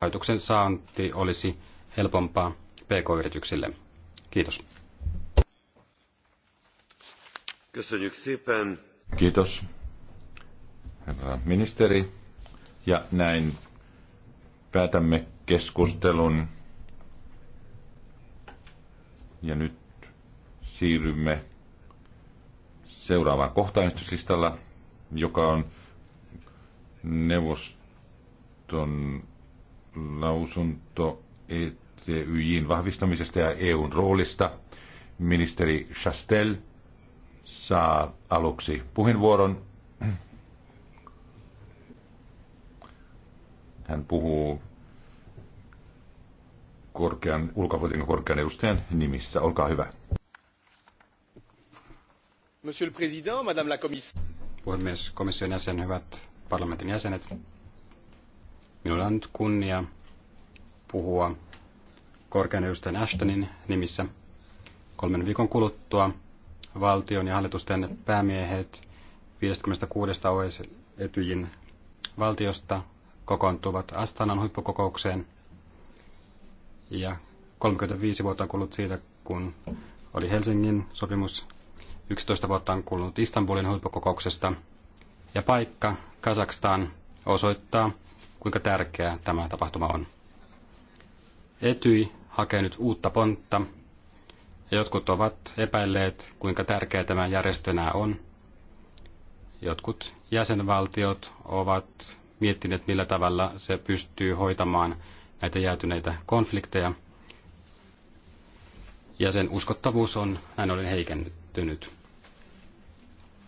rahoituksen saanti olisi helpompaa pk-yrityksille. Kiitos. Kiitos, herra ministeri. Ja näin päätämme keskustelun. Ja nyt siirrymme seuraavaan kohtaanistuslistalla, joka on neuvoston lausunto ETYJin vahvistamisesta ja EUn roolista. Ministeri Chastel saa aluksi puheenvuoron. Hän puhuu korkean, ulkopolitiikan korkean edustajan nimissä. Olkaa hyvä. Monsieur le Président, Madame la Commissaire. Puhemies, komission jäsen, hyvät parlamentin jäsenet Minulla on nyt kunnia puhua korkean edustajan Ashtonin nimissä. Kolmen viikon kuluttua valtion ja hallitusten päämiehet 56 e Etyjin valtiosta kokoontuvat Astanan huippukokoukseen. Ja 35 vuotta on kulunut siitä, kun oli Helsingin sopimus. 11 vuotta on kulunut Istanbulin huippukokouksesta. Ja paikka Kazakstan osoittaa, kuinka tärkeä tämä tapahtuma on. Etyi hakee nyt uutta pontta, ja jotkut ovat epäilleet, kuinka tärkeä tämä järjestönä on. Jotkut jäsenvaltiot ovat miettineet, millä tavalla se pystyy hoitamaan näitä jäätyneitä konflikteja. Ja sen uskottavuus on näin ollen heikentynyt.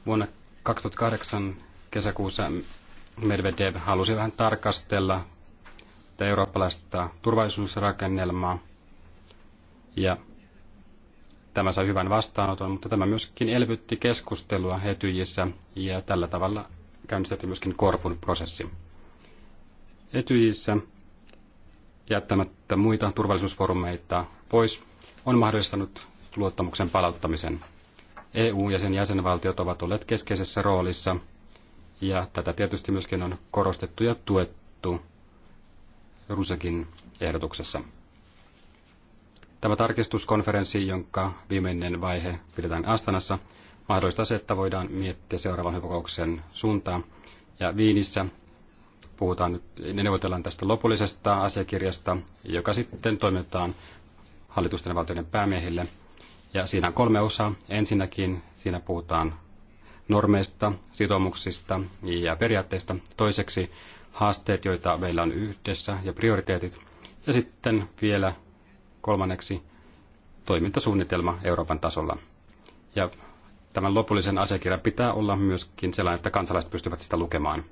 Vuonna 2008 kesäkuussa Medvedev halusi vähän tarkastella tätä eurooppalaista turvallisuusrakennelmaa. Ja tämä sai hyvän vastaanoton, mutta tämä myöskin elvytti keskustelua Etyjissä ja tällä tavalla käynnistettiin myöskin Korfun prosessi. Etyjissä jättämättä muita turvallisuusfoorumeita pois on mahdollistanut luottamuksen palauttamisen. EU ja sen jäsenvaltiot ovat olleet keskeisessä roolissa – ja tätä tietysti myöskin on korostettu ja tuettu Rusekin ehdotuksessa. Tämä tarkistuskonferenssi, jonka viimeinen vaihe pidetään Astanassa, mahdollistaa se, että voidaan miettiä seuraavan kokouksen suuntaa. Ja Viinissä puhutaan nyt, neuvotellaan tästä lopullisesta asiakirjasta, joka sitten toimitetaan hallitusten ja valtioiden päämiehille. Ja siinä on kolme osaa. Ensinnäkin siinä puhutaan normeista, sitoumuksista ja periaatteista. Toiseksi haasteet, joita meillä on yhdessä ja prioriteetit. Ja sitten vielä kolmanneksi toimintasuunnitelma Euroopan tasolla. Ja tämän lopullisen asiakirjan pitää olla myöskin sellainen, että kansalaiset pystyvät sitä lukemaan.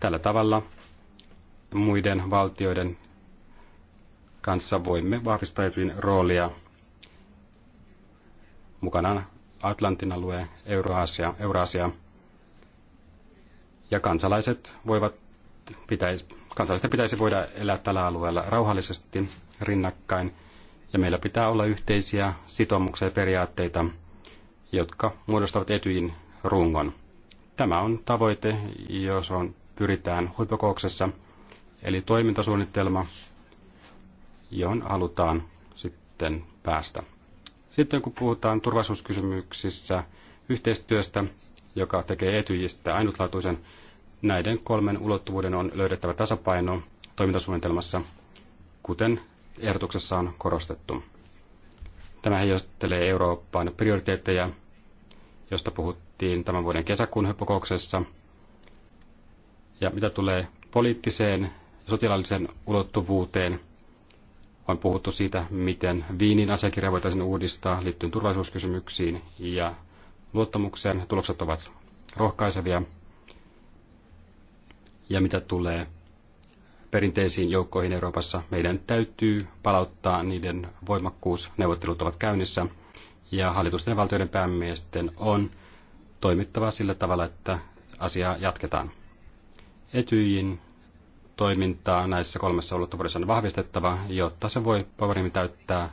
Tällä tavalla muiden valtioiden kanssa voimme vahvistaa Etyjin roolia mukanaan Atlantin alue, Euroasia, Euroasia. Ja kansalaiset voivat pitäisi, kansalaisten pitäisi voida elää tällä alueella rauhallisesti rinnakkain. Ja meillä pitää olla yhteisiä sitoumuksia ja periaatteita, jotka muodostavat etyin rungon. Tämä on tavoite, jos on pyritään huippukouksessa, eli toimintasuunnitelma, johon halutaan sitten päästä. Sitten kun puhutaan turvallisuuskysymyksissä yhteistyöstä, joka tekee etyjistä ainutlaatuisen, näiden kolmen ulottuvuuden on löydettävä tasapaino toimintasuunnitelmassa, kuten ehdotuksessa on korostettu. Tämä heijastelee Euroopan prioriteetteja, josta puhuttiin tämän vuoden kesäkuun kokouksessa. Ja mitä tulee poliittiseen ja sotilaalliseen ulottuvuuteen – on puhuttu siitä, miten Viinin asiakirja voitaisiin uudistaa liittyen turvallisuuskysymyksiin ja luottamukseen. Tulokset ovat rohkaisevia. Ja mitä tulee perinteisiin joukkoihin Euroopassa, meidän täytyy palauttaa niiden voimakkuus. Neuvottelut ovat käynnissä ja hallitusten ja valtioiden päämiesten on toimittava sillä tavalla, että asiaa jatketaan. Etyjin toimintaa näissä kolmessa ulottuvuudessa on vahvistettava, jotta se voi paremmin täyttää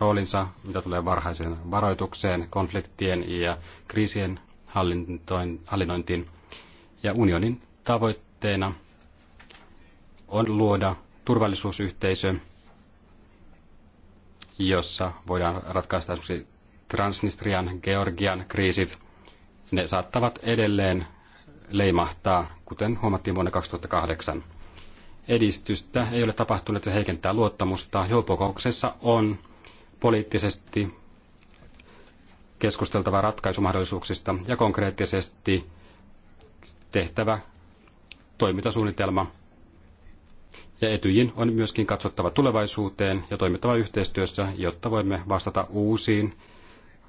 roolinsa, mitä tulee varhaiseen varoitukseen, konfliktien ja kriisien hallinnointiin. Ja unionin tavoitteena on luoda turvallisuusyhteisö, jossa voidaan ratkaista esimerkiksi Transnistrian, Georgian kriisit. Ne saattavat edelleen leimahtaa, kuten huomattiin vuonna 2008 edistystä ei ole tapahtunut, se heikentää luottamusta. Joukokouksessa on poliittisesti keskusteltava ratkaisumahdollisuuksista ja konkreettisesti tehtävä toimintasuunnitelma. Ja etyjin on myöskin katsottava tulevaisuuteen ja toimittava yhteistyössä, jotta voimme vastata uusiin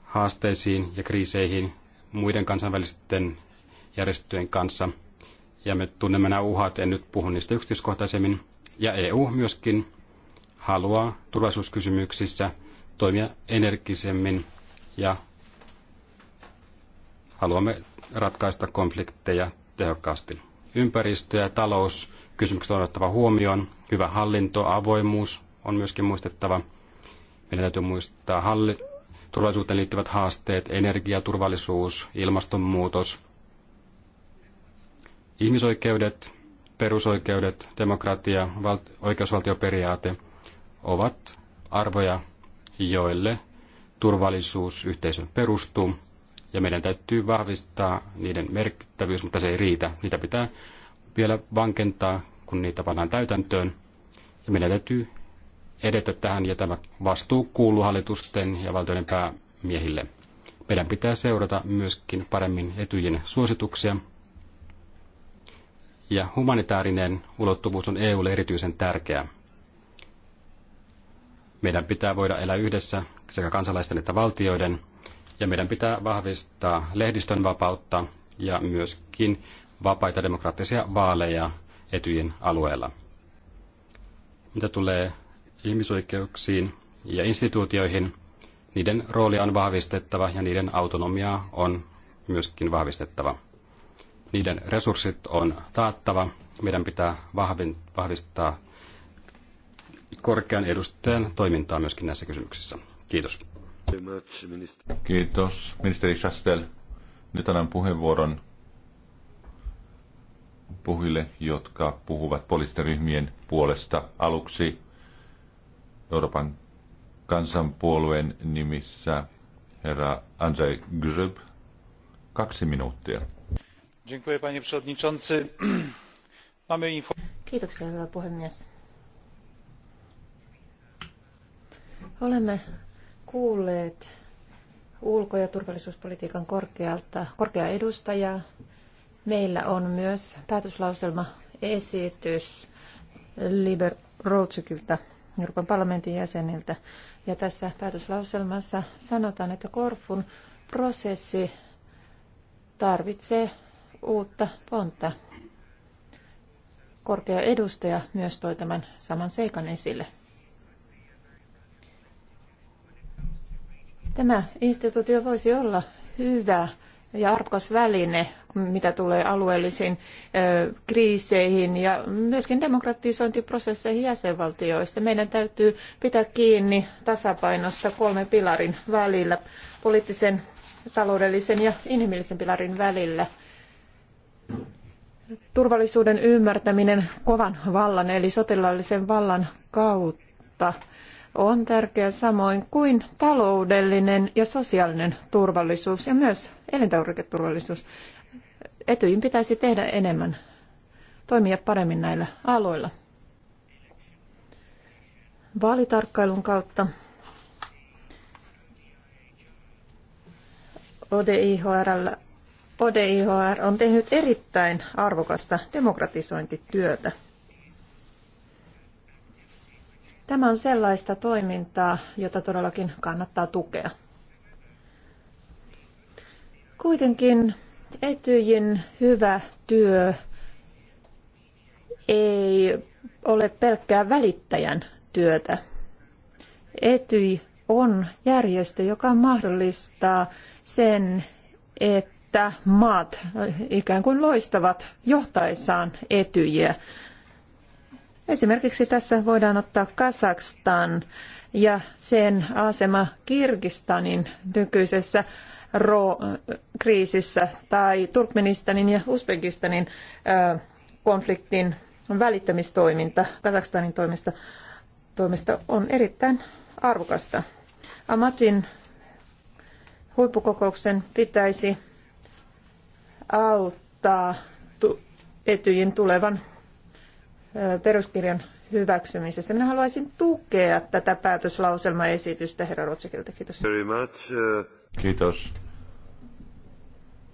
haasteisiin ja kriiseihin muiden kansainvälisten järjestöjen kanssa – ja me tunnemme nämä uhat, en nyt puhu niistä yksityiskohtaisemmin. Ja EU myöskin haluaa turvallisuuskysymyksissä toimia energisemmin ja haluamme ratkaista konflikteja tehokkaasti. Ympäristö- ja talouskysymykset on otettava huomioon. Hyvä hallinto, avoimuus on myöskin muistettava. Meidän täytyy muistaa halli- turvallisuuteen liittyvät haasteet, energiaturvallisuus, ilmastonmuutos – ihmisoikeudet, perusoikeudet, demokratia, val- oikeusvaltioperiaate ovat arvoja, joille turvallisuusyhteisö perustuu, ja meidän täytyy vahvistaa niiden merkittävyys, mutta se ei riitä. Niitä pitää vielä vankentaa, kun niitä pannaan täytäntöön, ja meidän täytyy edetä tähän, ja tämä vastuu kuuluu hallitusten ja valtioiden päämiehille. Meidän pitää seurata myöskin paremmin etyjen suosituksia, ja humanitaarinen ulottuvuus on EUlle erityisen tärkeä. Meidän pitää voida elää yhdessä sekä kansalaisten että valtioiden, ja meidän pitää vahvistaa lehdistön vapautta ja myöskin vapaita demokraattisia vaaleja Etyjin alueella. Mitä tulee ihmisoikeuksiin ja instituutioihin, niiden roolia on vahvistettava ja niiden autonomiaa on myöskin vahvistettava. Niiden resurssit on taattava. Meidän pitää vahvistaa korkean edustajan toimintaa myöskin näissä kysymyksissä. Kiitos. Kiitos. Ministeri Chastel, nyt annan puheenvuoron puhujille, jotka puhuvat poliisiryhmien puolesta aluksi Euroopan kansanpuolueen nimissä herra Andrzej Grzyb. Kaksi minuuttia panie przewodniczący! olemme kuulleet ulko ja turvallisuuspolitiikan korkealta, korkeaa edustajaa. meillä on myös päätöslauselmaesitys liber roucikilta euroopan parlamentin jäseniltä ja tässä päätöslauselmassa sanotaan että korfun prosessi tarvitsee uutta pontta. Korkea edustaja myös toi tämän saman seikan esille. Tämä instituutio voisi olla hyvä ja arvokas väline, mitä tulee alueellisiin kriiseihin ja myöskin demokratisointiprosesseihin jäsenvaltioissa. Meidän täytyy pitää kiinni tasapainosta kolmen pilarin välillä, poliittisen, taloudellisen ja inhimillisen pilarin välillä – Turvallisuuden ymmärtäminen kovan vallan eli sotilaallisen vallan kautta on tärkeää samoin kuin taloudellinen ja sosiaalinen turvallisuus ja myös elintarviketurvallisuus. Etyin pitäisi tehdä enemmän, toimia paremmin näillä aloilla. Vaalitarkkailun kautta ODIHRllä ODIHR on tehnyt erittäin arvokasta demokratisointityötä. Tämä on sellaista toimintaa, jota todellakin kannattaa tukea. Kuitenkin Etyjin hyvä työ ei ole pelkkää välittäjän työtä. Etyj on järjestö, joka mahdollistaa sen, että että maat ikään kuin loistavat johtaessaan etyjiä. Esimerkiksi tässä voidaan ottaa Kazakstan ja sen asema Kirgistanin nykyisessä kriisissä tai Turkmenistanin ja Uzbekistanin konfliktin välittämistoiminta Kazakstanin toimesta, toimesta on erittäin arvokasta. Amatin huippukokouksen pitäisi auttaa etyjin tulevan peruskirjan hyväksymisessä. Minä haluaisin tukea tätä päätöslauselmaesitystä herra Rotsikilta. Kiitos. Very much. Kiitos.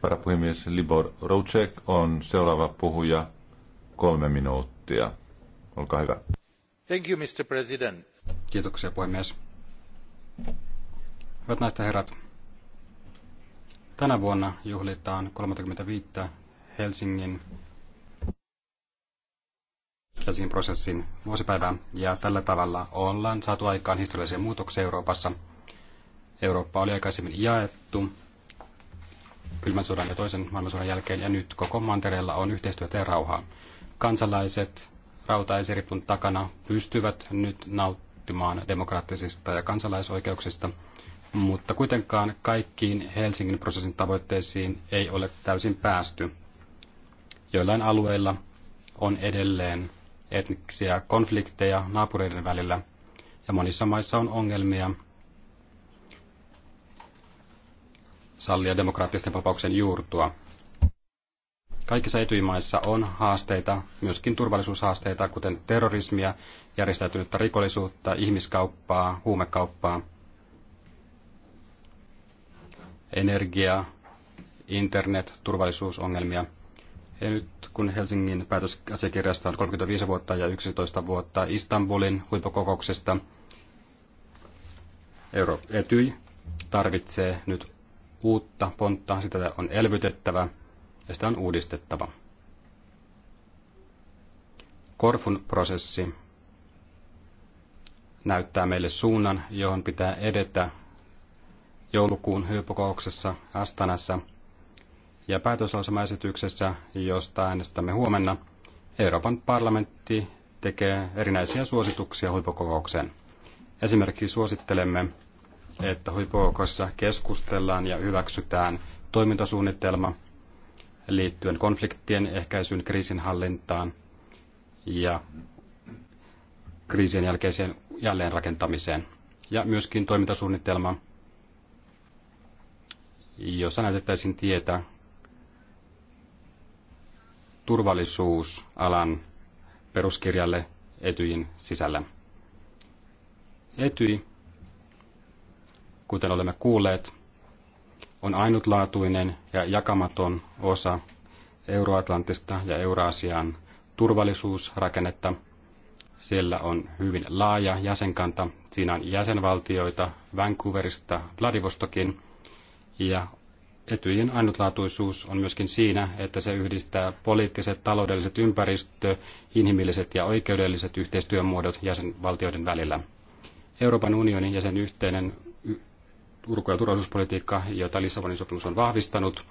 Varapuhemies Libor Roucek on seuraava puhuja. Kolme minuuttia. Olkaa hyvä. Thank you, Mr. President. Kiitoksia, puhemies. Hyvät naiset ja herrat, Tänä vuonna juhlitaan 35 Helsingin, Helsingin prosessin vuosipäivää, ja tällä tavalla ollaan saatu aikaan historiallisia muutoksia Euroopassa. Eurooppa oli aikaisemmin jaettu kylmän sodan ja toisen maailmansodan jälkeen, ja nyt koko mantereella on yhteistyötä ja rauhaa. Kansalaiset rautaisiripun takana pystyvät nyt nauttimaan demokraattisista ja kansalaisoikeuksista – mutta kuitenkaan kaikkiin Helsingin prosessin tavoitteisiin ei ole täysin päästy. Joillain alueilla on edelleen etnisiä konflikteja naapureiden välillä ja monissa maissa on ongelmia sallia demokraattisten vapauksien juurtua. Kaikissa etymaissa on haasteita, myöskin turvallisuushaasteita, kuten terrorismia, järjestäytynyttä rikollisuutta, ihmiskauppaa, huumekauppaa – energia, internet, turvallisuusongelmia. Ja nyt kun Helsingin päätösasiakirjasta on 35 vuotta ja 11 vuotta Istanbulin huippukokouksesta, Euro Etyj tarvitsee nyt uutta pontta, sitä on elvytettävä ja sitä on uudistettava. Korfun prosessi näyttää meille suunnan, johon pitää edetä joulukuun huippukokouksessa Astanassa. Ja päätöslauselmaesityksessä, josta äänestämme huomenna, Euroopan parlamentti tekee erinäisiä suosituksia huippukokoukseen. Esimerkiksi suosittelemme, että huippukokouksessa keskustellaan ja hyväksytään toimintasuunnitelma liittyen konfliktien ehkäisyyn, kriisinhallintaan ja kriisien jälkeiseen jälleenrakentamiseen. Ja myöskin toimintasuunnitelma jossa näytettäisiin tietä turvallisuusalan peruskirjalle Etyjin sisällä. Etyi, kuten olemme kuulleet, on ainutlaatuinen ja jakamaton osa Euroatlantista ja Euraasian turvallisuusrakennetta. Siellä on hyvin laaja jäsenkanta. Siinä on jäsenvaltioita Vancouverista Vladivostokin – ja Etyjin ainutlaatuisuus on myöskin siinä, että se yhdistää poliittiset, taloudelliset, ympäristö, inhimilliset ja oikeudelliset yhteistyömuodot jäsenvaltioiden välillä. Euroopan unionin ja sen yhteinen ulko- ja turvallisuuspolitiikka, jota Lissabonin sopimus on vahvistanut,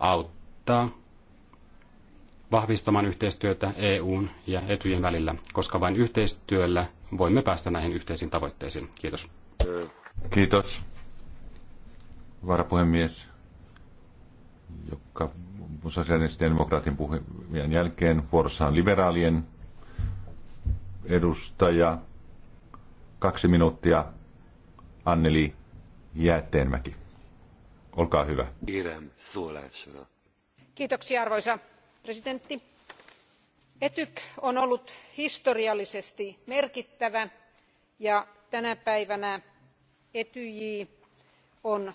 auttaa vahvistamaan yhteistyötä EUn ja Etyjen välillä, koska vain yhteistyöllä voimme päästä näihin yhteisiin tavoitteisiin. Kiitos. Kiitos varapuhemies, joka sosiaalisten demokraatin puheen jälkeen vuorossa on liberaalien edustaja. Kaksi minuuttia, Anneli Jäätteenmäki. Olkaa hyvä. Kiitoksia arvoisa presidentti. Etyk on ollut historiallisesti merkittävä ja tänä päivänä Etyj on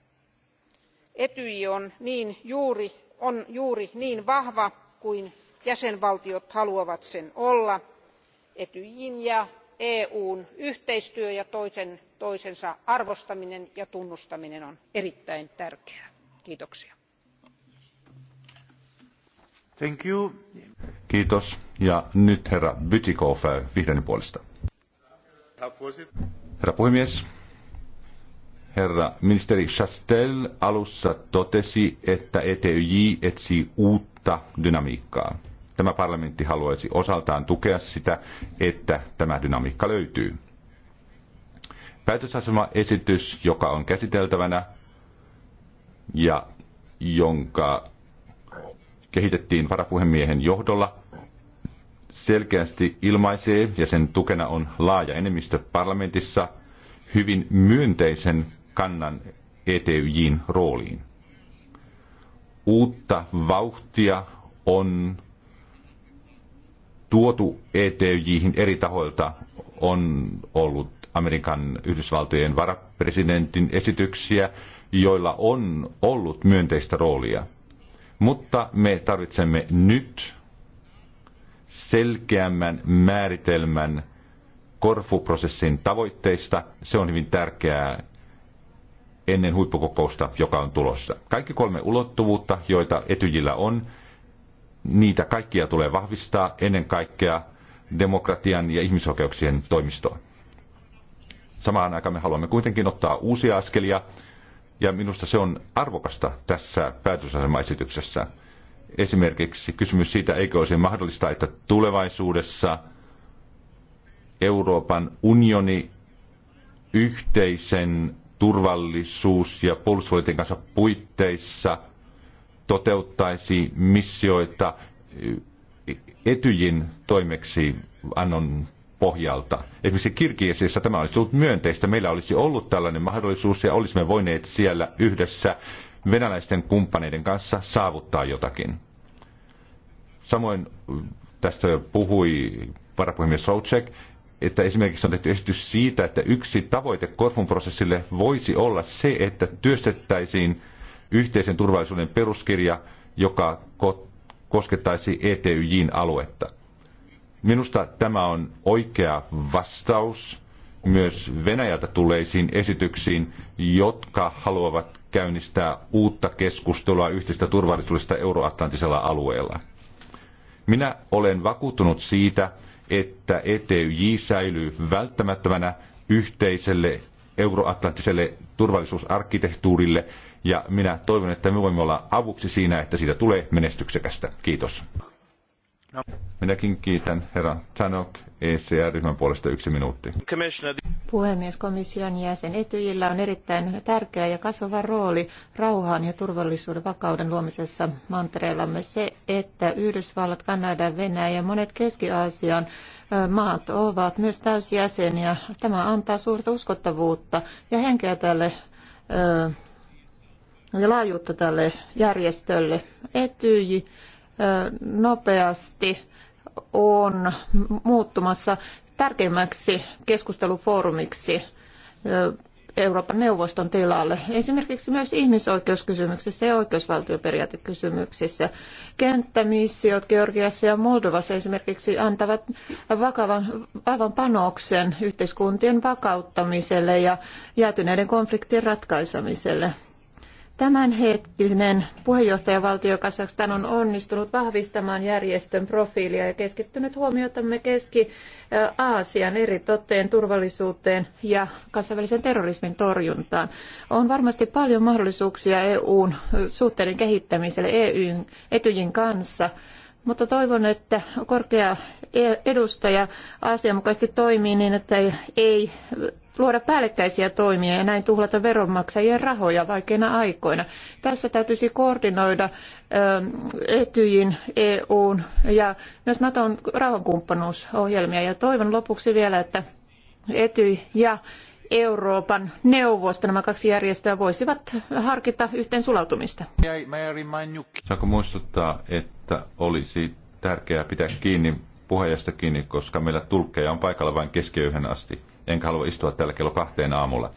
etyj niin on juuri niin vahva kuin jäsenvaltiot haluavat sen olla. etyjin ja eu n yhteistyö ja toinen toisensa arvostaminen ja tunnustaminen on erittäin tärkeää. kiitoksia. Thank you. Kiitos. Ja nyt herra eh, puolesta. Herra puhemies, herra ministeri Chastel alussa totesi, että ETYJ etsii uutta dynamiikkaa. Tämä parlamentti haluaisi osaltaan tukea sitä, että tämä dynamiikka löytyy. esitys, joka on käsiteltävänä ja jonka kehitettiin varapuhemiehen johdolla, selkeästi ilmaisee, ja sen tukena on laaja enemmistö parlamentissa, hyvin myönteisen kannan ETYJin rooliin. Uutta vauhtia on tuotu ETYJihin eri tahoilta, on ollut Amerikan Yhdysvaltojen varapresidentin esityksiä, joilla on ollut myönteistä roolia. Mutta me tarvitsemme nyt selkeämmän määritelmän Korfu-prosessin tavoitteista. Se on hyvin tärkeää ennen huippukokousta, joka on tulossa. Kaikki kolme ulottuvuutta, joita etyjillä on, niitä kaikkia tulee vahvistaa ennen kaikkea demokratian ja ihmisoikeuksien toimistoon. Samaan aikaan me haluamme kuitenkin ottaa uusia askelia, ja minusta se on arvokasta tässä päätösasemaesityksessä. Esimerkiksi kysymys siitä, eikö olisi mahdollista, että tulevaisuudessa Euroopan unioni yhteisen turvallisuus- ja puolustuspolitiikansa puitteissa toteuttaisi missioita eh, Etyjin toimeksi annon pohjalta. Esimerkiksi Kirkiesissä tämä olisi ollut myönteistä. Meillä olisi ollut tällainen mahdollisuus ja olisimme voineet siellä yhdessä venäläisten kumppaneiden kanssa saavuttaa jotakin. Samoin eh, tästä puhui varapuhemies Rouchek, että esimerkiksi on tehty esitys siitä, että yksi tavoite Korfun prosessille voisi olla se, että työstettäisiin yhteisen turvallisuuden peruskirja, joka koskettaisi ETYJin aluetta. Minusta tämä on oikea vastaus myös Venäjältä tulleisiin esityksiin, jotka haluavat käynnistää uutta keskustelua yhteistä turvallisuudesta euroatlanttisella alueella. Minä olen vakuuttunut siitä, että ETYJ säilyy välttämättömänä yhteiselle euroatlanttiselle turvallisuusarkkitehtuurille, ja minä toivon, että me voimme olla avuksi siinä, että siitä tulee menestyksekästä. Kiitos. Minäkin kiitän herra Tanok ECR-ryhmän puolesta yksi minuutti. Puhemies, komission jäsen Etyjillä on erittäin tärkeä ja kasvava rooli rauhaan ja turvallisuuden vakauden luomisessa mantereellamme. Se, että Yhdysvallat, Kanada, Venäjä ja monet Keski-Aasian maat ovat myös täysjäseniä, tämä antaa suurta uskottavuutta ja henkeä tälle ja laajuutta tälle järjestölle. Etyj nopeasti on muuttumassa tärkeimmäksi keskustelufoorumiksi Euroopan neuvoston tilalle. Esimerkiksi myös ihmisoikeuskysymyksissä ja oikeusvaltioperiaatekysymyksissä. Kenttämissiot Georgiassa ja Moldovassa esimerkiksi antavat vakavan, vakavan panoksen yhteiskuntien vakauttamiselle ja jäätyneiden konfliktien ratkaisemiselle. Tämänhetkinen puheenjohtajavaltio Kazakstan on onnistunut vahvistamaan järjestön profiilia ja keskittynyt huomiotamme Keski-Aasian eri totteen turvallisuuteen ja kansainvälisen terrorismin torjuntaan. On varmasti paljon mahdollisuuksia EUn suhteiden kehittämiselle EUn etyjin kanssa – mutta toivon, että korkea e- edustaja asianmukaisesti toimii niin, että ei luoda päällekkäisiä toimia ja näin tuhlata veronmaksajien rahoja vaikeina aikoina. Tässä täytyisi koordinoida ähm, Etyjin, EUn ja myös Naton rauhankumppanuusohjelmia. Ja toivon lopuksi vielä, että Etyj ja Euroopan neuvosto, nämä kaksi järjestöä, voisivat harkita yhteen sulautumista. Saanko muistuttaa, että olisi tärkeää pitää kiinni puheenjohtajasta kiinni, koska meillä tulkkeja on paikalla vain keskiyhden asti. Enkä halua istua täällä kello kahteen aamulla.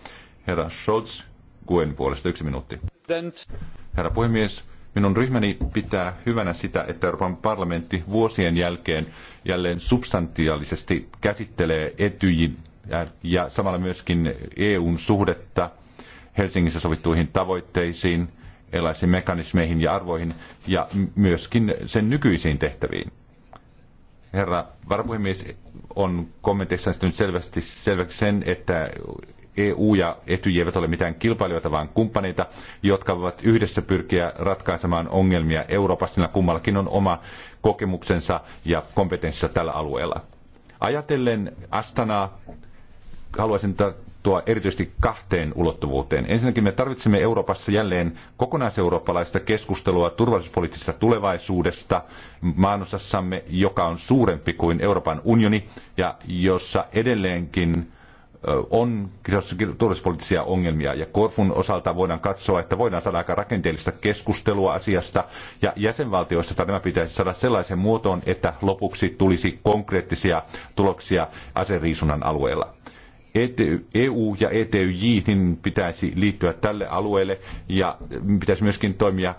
Herra Scholz, Kuen puolesta yksi minuutti. Herra puhemies, minun ryhmäni pitää hyvänä sitä, että Euroopan parlamentti vuosien jälkeen jälleen substantiaalisesti käsittelee etyjin ja, ja samalla myöskin EUn suhdetta Helsingissä sovittuihin tavoitteisiin, erilaisiin mekanismeihin ja arvoihin ja myöskin sen nykyisiin tehtäviin. Herra varapuhemies on kommenteissa selvästi selväksi sen, että EU ja Etyj eivät ole mitään kilpailijoita, vaan kumppaneita, jotka voivat yhdessä pyrkiä ratkaisemaan ongelmia Euroopassa, sillä kummallakin on oma kokemuksensa ja kompetenssinsa tällä alueella. Ajatellen Astanaa, haluaisin tarttua erityisesti kahteen ulottuvuuteen. Ensinnäkin me tarvitsemme Euroopassa jälleen kokonaiseurooppalaista keskustelua turvallisuuspoliittisesta tulevaisuudesta maanosassamme, joka on suurempi kuin Euroopan unioni ja jossa edelleenkin on turvallisuuspoliittisia ongelmia ja Korfun osalta voidaan katsoa, että voidaan saada aika rakenteellista keskustelua asiasta ja jäsenvaltioista tämä pitäisi saada sellaisen muotoon, että lopuksi tulisi konkreettisia tuloksia aseriisunnan alueella. EU e ja ETYJ niin pitäisi liittyä tälle alueelle ja pitäisi myöskin toimia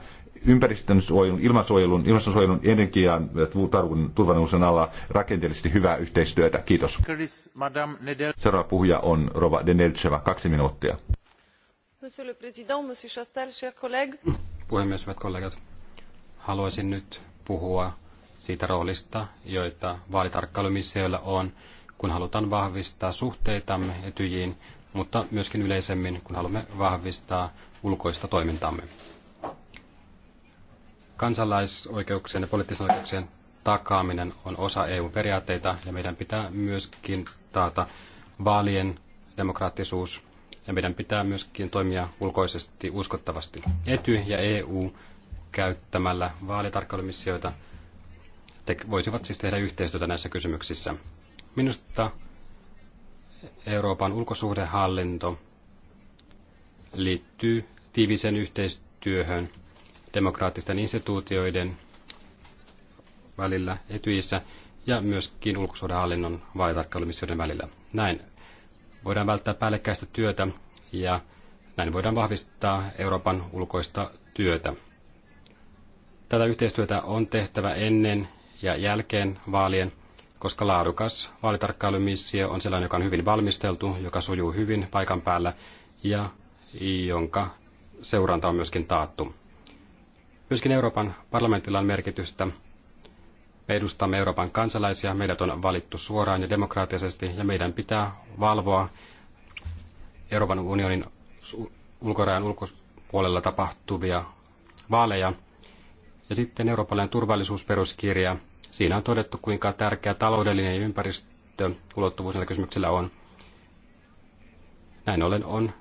ympäristönsuojelun, ilmansuojelun, ilmastonsuojelun, energian turvallisuuden alla rakenteellisesti hyvää yhteistyötä. Kiitos. Seuraava puhuja on Rova Deneltseva, kaksi minuuttia. Monsieur le Président, Monsieur Chastel, chers collègues. Puhemies, hyvät kollegat. Haluaisin nyt puhua siitä roolista, joita vaalitarkkailumissioilla on kun halutaan vahvistaa suhteitamme etyjiin, mutta myöskin yleisemmin, kun haluamme vahvistaa ulkoista toimintaamme. Kansalaisoikeuksien ja poliittisen oikeuksien takaaminen on osa EU-periaatteita ja meidän pitää myöskin taata vaalien demokraattisuus ja meidän pitää myöskin toimia ulkoisesti uskottavasti. Ety ja EU käyttämällä vaalitarkkailumissioita te- voisivat siis tehdä yhteistyötä näissä kysymyksissä. Minusta Euroopan ulkosuhdehallinto liittyy tiiviseen yhteistyöhön demokraattisten instituutioiden välillä etyissä ja myöskin ulkosuhdehallinnon vaalitarkkailumissioiden välillä. Näin voidaan välttää päällekkäistä työtä ja näin voidaan vahvistaa Euroopan ulkoista työtä. Tätä yhteistyötä on tehtävä ennen ja jälkeen vaalien – koska laadukas vaalitarkkailumissio on sellainen, joka on hyvin valmisteltu, joka sujuu hyvin paikan päällä ja jonka seuranta on myöskin taattu. Myöskin Euroopan parlamentilla on merkitystä. Me edustamme Euroopan kansalaisia, meidät on valittu suoraan ja demokraattisesti ja meidän pitää valvoa Euroopan unionin ulkorajan ulkopuolella tapahtuvia vaaleja. Ja sitten eurooppalainen turvallisuusperuskirja – Siinä on todettu, kuinka tärkeä taloudellinen ja ympäristöulottuvuus näillä kysymyksillä on. Näin ollen on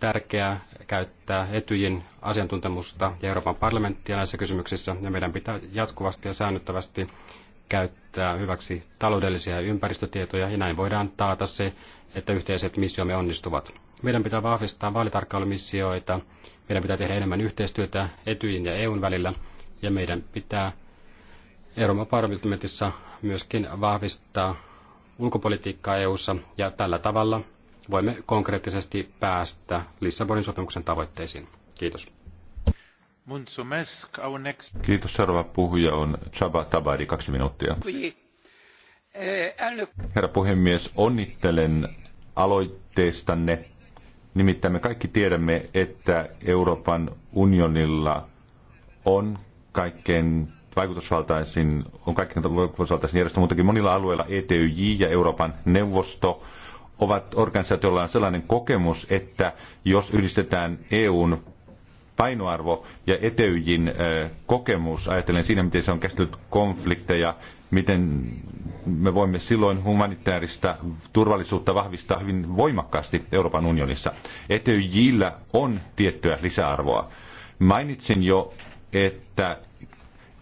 tärkeää käyttää Etyjin asiantuntemusta ja Euroopan parlamenttia näissä kysymyksissä, ja meidän pitää jatkuvasti ja säännöttävästi käyttää hyväksi taloudellisia ja ympäristötietoja, ja näin voidaan taata se, että yhteiset missiomme onnistuvat. Meidän pitää vahvistaa vaalitarkkailumissioita, meidän pitää tehdä enemmän yhteistyötä Etyjin ja EUn välillä, ja meidän pitää Euroopan parlamentissa myöskin vahvistaa ulkopolitiikkaa EU:ssa ja tällä tavalla voimme konkreettisesti päästä Lissabonin sopimuksen tavoitteisiin. Kiitos. Kiitos. Seuraava puhuja on Chaba Tabari, kaksi minuuttia. Herra puhemies, onnittelen aloitteestanne. Nimittäin me kaikki tiedämme, että Euroopan unionilla on kaikkein vaikutusvaltaisin, on kaikkein vaikutusvaltaisin järjestö, muutenkin monilla alueilla ETYJ ja Euroopan neuvosto ovat organisaatioilla on sellainen kokemus, että jos yhdistetään EUn painoarvo ja Etyjin kokemus, ajatellen siinä, miten se on käsitellyt konflikteja, miten me voimme silloin humanitaarista turvallisuutta vahvistaa hyvin voimakkaasti Euroopan unionissa. Etyjillä on tiettyä lisäarvoa. Mainitsin jo, että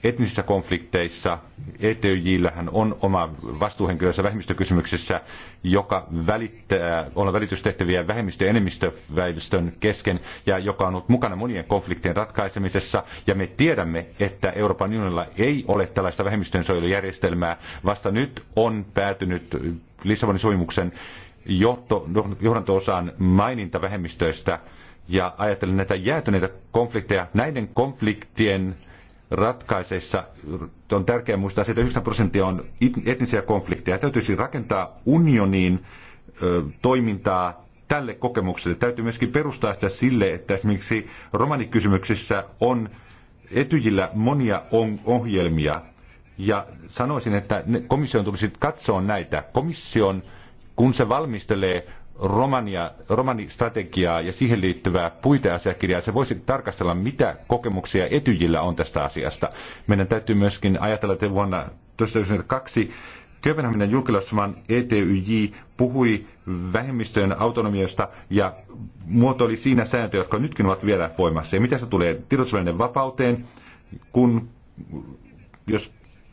etnisissä konflikteissa Etyjillähän on oma vastuuhenkilönsä vähemmistökysymyksessä, joka välittää, on välitystehtäviä vähemmistö- ja enemmistöväestön kesken ja joka on ollut mukana monien konfliktien ratkaisemisessa. Ja me tiedämme, että Euroopan unionilla ei ole tällaista suojelujärjestelmää. Vasta nyt on päätynyt Lissabonin sopimuksen johto, johdanto-osaan maininta vähemmistöistä ja ajattelen näitä jäätyneitä konflikteja. Näiden konfliktien ratkaisessa on tärkeää muistaa, että 9 prosenttia on etnisiä konflikteja. Täytyisi rakentaa unionin toimintaa tälle kokemukselle. Täytyy myöskin perustaa sitä sille, että esimerkiksi romanikysymyksissä on etyjillä monia ohjelmia. Ja sanoisin, että komission tulisi katsoa näitä. Komission, kun se valmistelee Romania, romanistrategiaa ja siihen liittyvää puiteasiakirjaa, se voisi tarkastella, mitä kokemuksia etyjillä on tästä asiasta. Meidän täytyy myöskin ajatella, että vuonna 1992 Kööpenhaminan julkilausuman ETYJ puhui vähemmistöjen autonomiasta ja muotoili siinä sääntöjä, jotka nytkin ovat vielä voimassa. Ja mitä se tulee tiedotusvälineen vapauteen, kun jos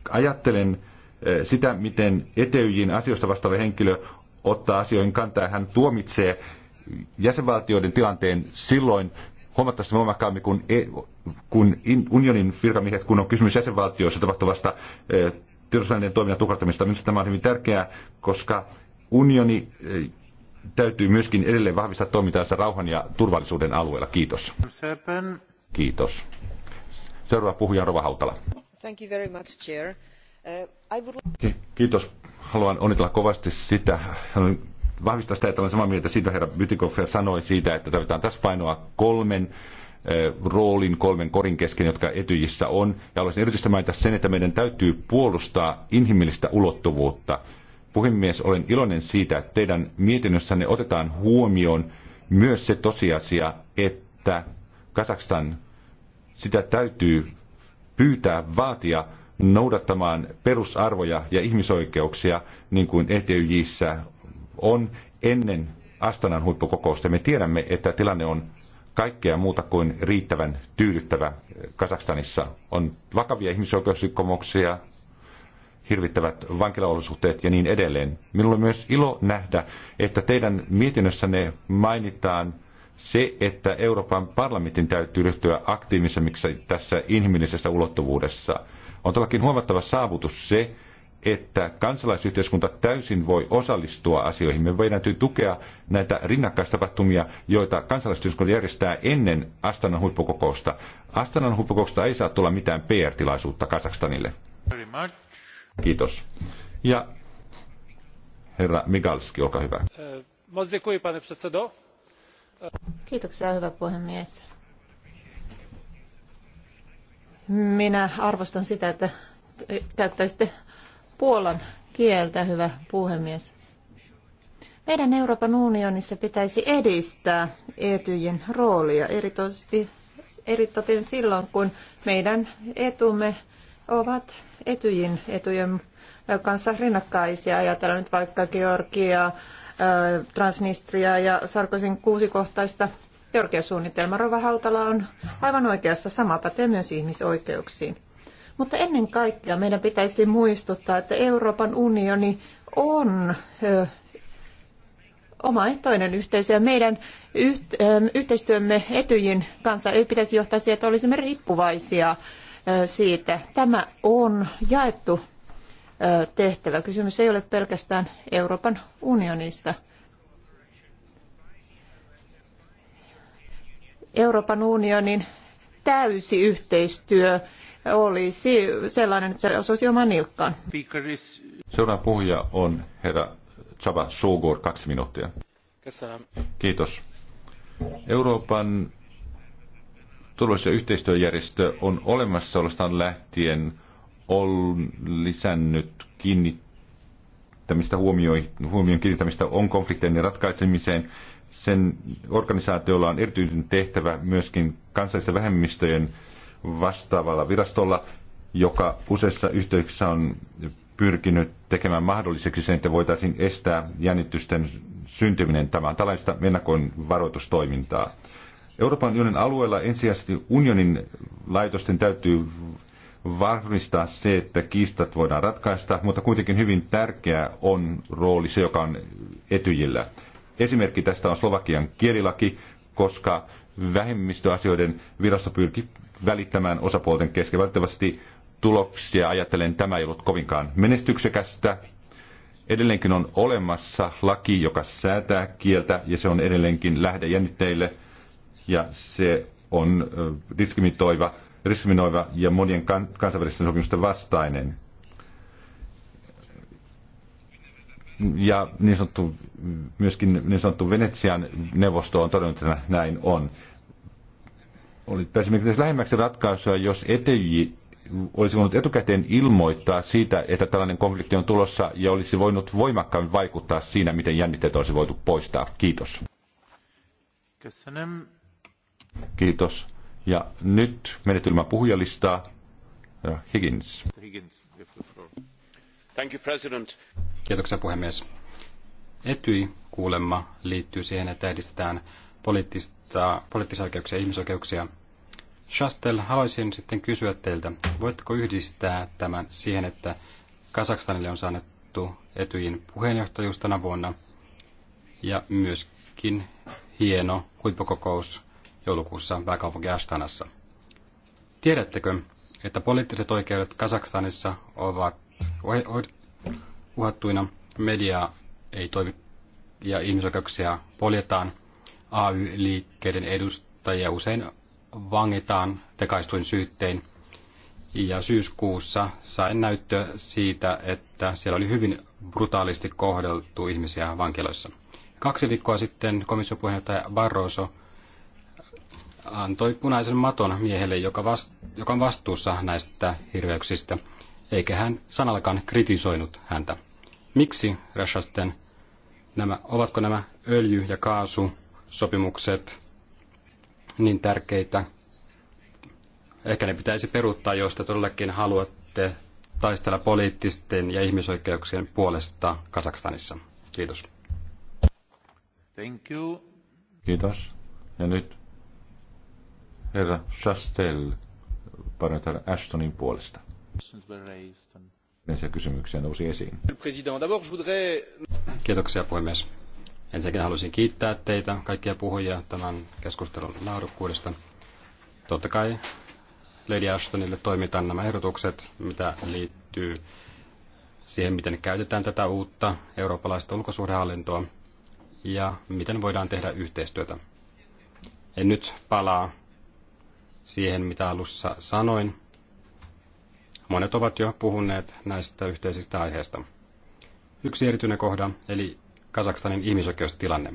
ajattelen eh, sitä, miten Etyjin asioista vastaava henkilö ottaa asioihin kantaa. Hän tuomitsee jäsenvaltioiden tilanteen silloin huomattavasti voimakkaammin kuin, e- kun unionin virkamiehet, kun on kysymys jäsenvaltioissa tapahtuvasta e, tiedotusvälineiden toiminnan tukartamista. Minusta tämä on hyvin tärkeää, koska unioni e, täytyy myöskin edelleen vahvistaa toimintaansa rauhan ja turvallisuuden alueella. Kiitos. Kiitos. Seuraava puhuja on Rova Hautala. Thank you very much, Chair. Uh, I would... Kiitos haluan onnitella kovasti sitä, haluan vahvistaa sitä, että olen samaa mieltä siitä, herra Bytikoff sanoi siitä, että tarvitaan tässä painoa kolmen roolin kolmen korin kesken, jotka etyjissä on. Ja haluaisin erityisesti mainita sen, että meidän täytyy puolustaa inhimillistä ulottuvuutta. Puhemies, olen iloinen siitä, että teidän mietinnössänne otetaan huomioon myös se tosiasia, että Kazakstan sitä täytyy pyytää, vaatia noudattamaan perusarvoja ja ihmisoikeuksia, niin kuin Etyjissä on ennen Astanan huippukokousta. Me tiedämme, että tilanne on kaikkea muuta kuin riittävän tyydyttävä Kazakstanissa. On vakavia ihmisoikeusrikkomuksia, hirvittävät vankilaolosuhteet ja niin edelleen. Minulla on myös ilo nähdä, että teidän mietinnössänne mainitaan se, että Euroopan parlamentin täytyy ryhtyä aktiivisemmiksi tässä inhimillisessä ulottuvuudessa – on todellakin huomattava saavutus se, että kansalaisyhteiskunta täysin voi osallistua asioihin. Me voidaan tukea näitä rinnakkaistapahtumia, joita kansalaisyhteiskunta järjestää ennen Astanan huippukokousta. Astanan huippukokousta ei saa tulla mitään PR-tilaisuutta Kazakstanille. Kiitos. Ja herra Migalski, olkaa hyvä. Kiitoksia, hyvä puhemies. Minä arvostan sitä, että käyttäisitte puolan kieltä, hyvä puhemies. Meidän Euroopan unionissa pitäisi edistää etyjen roolia, erityisesti eritoten silloin, kun meidän etumme ovat etyjen etujen kanssa rinnakkaisia. Ajatellaan nyt vaikka Georgiaa, Transnistria ja Sarkoisin kuusikohtaista Georgia-suunnitelma Rova Hautala on aivan oikeassa, sama pätee myös ihmisoikeuksiin. Mutta ennen kaikkea meidän pitäisi muistuttaa, että Euroopan unioni on ö, omaehtoinen yhteisö ja meidän yht, ö, yhteistyömme Etyjin kanssa ei pitäisi johtaa siihen, että olisimme riippuvaisia ö, siitä. Tämä on jaettu ö, tehtävä. Kysymys ei ole pelkästään Euroopan unionista. Euroopan unionin täysi yhteistyö olisi sellainen, että se osuisi omaan nilkkaan. Seuraava puhuja on herra Chaba Sogor kaksi minuuttia. Kiitos. Euroopan turvallisuus- ja yhteistyöjärjestö on olemassaolostaan lähtien on lisännyt kiinnittämistä huomioon, huomion kiinnittämistä on konfliktien ratkaisemiseen sen organisaatiolla on erityinen tehtävä myöskin kansallisten vähemmistöjen vastaavalla virastolla, joka useissa yhteyksissä on pyrkinyt tekemään mahdolliseksi sen, että voitaisiin estää jännitysten syntyminen. Tämä on tällaista ennakoin varoitustoimintaa. Euroopan unionin alueella ensisijaisesti unionin laitosten täytyy varmistaa se, että kiistat voidaan ratkaista, mutta kuitenkin hyvin tärkeä on rooli se, joka on etyjillä. Esimerkki tästä on Slovakian kielilaki, koska vähemmistöasioiden virasto pyrki välittämään osapuolten kesken. välttävästi tuloksia ajattelen tämä ei ollut kovinkaan menestyksekästä. Edelleenkin on olemassa laki, joka säätää kieltä ja se on edelleenkin lähdejännitteille ja se on diskriminoiva, diskriminoiva ja monien kansainvälisten sopimusten vastainen. Ja niin sanottu, myöskin niin sanottu Venetsian neuvosto on todennut, että näin on. Oli pääsimme lähemmäksi ratkaisua, jos Etyj olisi voinut etukäteen ilmoittaa siitä, että tällainen konflikti on tulossa ja olisi voinut voimakkaammin vaikuttaa siinä, miten jännitteet olisi voitu poistaa. Kiitos. Kiitos. Ja nyt menetelmä puhujalistaa. Higgins. Higgins. Thank you, President. Kiitoksia puhemies. Etyi kuulemma liittyy siihen, että edistetään poliittista, poliittisia oikeuksia ja ihmisoikeuksia. Shastel, haluaisin sitten kysyä teiltä, voitteko yhdistää tämän siihen, että Kazakstanille on saanettu Etyin puheenjohtajuus tänä vuonna ja myöskin hieno huippukokous joulukuussa pääkaupunki Astanassa. Tiedättekö, että poliittiset oikeudet Kazakstanissa ovat uhattuina, media ei toimi ja ihmisoikeuksia poljetaan, AY-liikkeiden edustajia usein vangitaan tekaistuin syyttein. Ja syyskuussa sain näyttöä siitä, että siellä oli hyvin brutaalisti kohdeltu ihmisiä vankiloissa. Kaksi viikkoa sitten komission puheenjohtaja Barroso antoi punaisen maton miehelle, joka, vast, joka on vastuussa näistä hirveyksistä, eikä hän sanallakaan kritisoinut häntä miksi Rashasten nämä, ovatko nämä öljy- ja kaasusopimukset niin tärkeitä? Ehkä ne pitäisi peruuttaa, jos te todellakin haluatte taistella poliittisten ja ihmisoikeuksien puolesta Kazakstanissa. Kiitos. Thank you. Kiitos. Ja nyt herra Chastel, parantaa Ashtonin puolesta teknisiä kysymyksiä nousi esiin. Kiitoksia puhemies. Ensinnäkin haluaisin kiittää teitä, kaikkia puhujia, tämän keskustelun laadukkuudesta. Totta kai Lady Ashtonille toimitan nämä ehdotukset, mitä liittyy siihen, miten käytetään tätä uutta eurooppalaista ulkosuhdehallintoa ja miten voidaan tehdä yhteistyötä. En nyt palaa siihen, mitä alussa sanoin, Monet ovat jo puhuneet näistä yhteisistä aiheista. Yksi erityinen kohda, eli Kazakstanin ihmisoikeustilanne.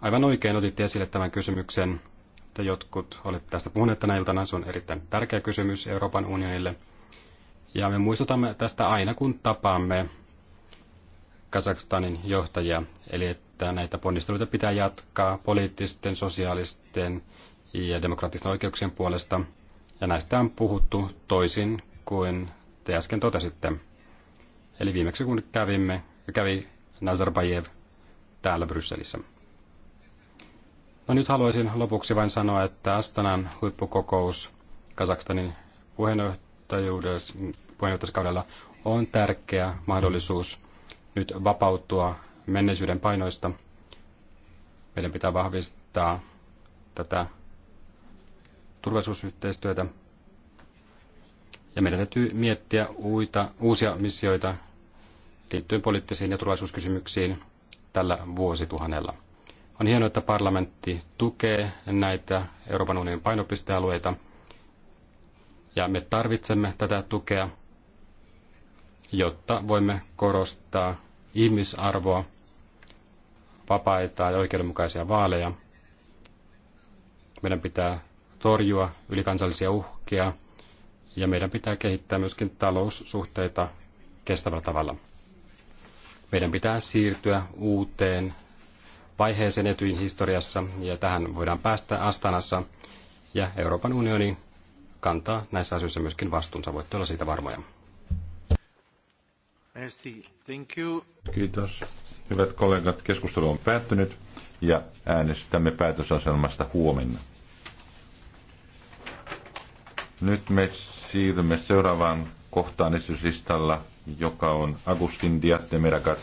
Aivan oikein otitte esille tämän kysymyksen, että jotkut olette tästä puhuneet tänä iltana. Se on erittäin tärkeä kysymys Euroopan unionille. Ja me muistutamme tästä aina, kun tapaamme Kazakstanin johtajia, eli että näitä ponnisteluita pitää jatkaa poliittisten, sosiaalisten ja demokraattisten oikeuksien puolesta – ja näistä on puhuttu toisin kuin te äsken totesitte. Eli viimeksi kun kävimme, kävi Nazarbayev täällä Brysselissä. No nyt haluaisin lopuksi vain sanoa, että Astanan huippukokous Kazakstanin puheenjohtajuuskaudella on tärkeä mahdollisuus nyt vapautua menneisyyden painoista. Meidän pitää vahvistaa tätä turvallisuusyhteistyötä. Ja meidän täytyy miettiä uita, uusia missioita liittyen poliittisiin ja turvallisuuskysymyksiin tällä vuosituhannella. On hienoa, että parlamentti tukee näitä Euroopan unionin painopistealueita, ja me tarvitsemme tätä tukea, jotta voimme korostaa ihmisarvoa, vapaita ja oikeudenmukaisia vaaleja. Meidän pitää torjua ylikansallisia uhkia ja meidän pitää kehittää myöskin taloussuhteita kestävällä tavalla. Meidän pitää siirtyä uuteen vaiheeseen etyin historiassa ja tähän voidaan päästä Astanassa ja Euroopan unioni kantaa näissä asioissa myöskin vastuunsa. Voitte olla siitä varmoja. Merci. Thank you. Kiitos. Hyvät kollegat, keskustelu on päättynyt ja äänestämme päätösasemasta huomenna. Nyt me siirrymme seuraavaan kohtaan esityslistalla, joka on Agustin Diatte Meragat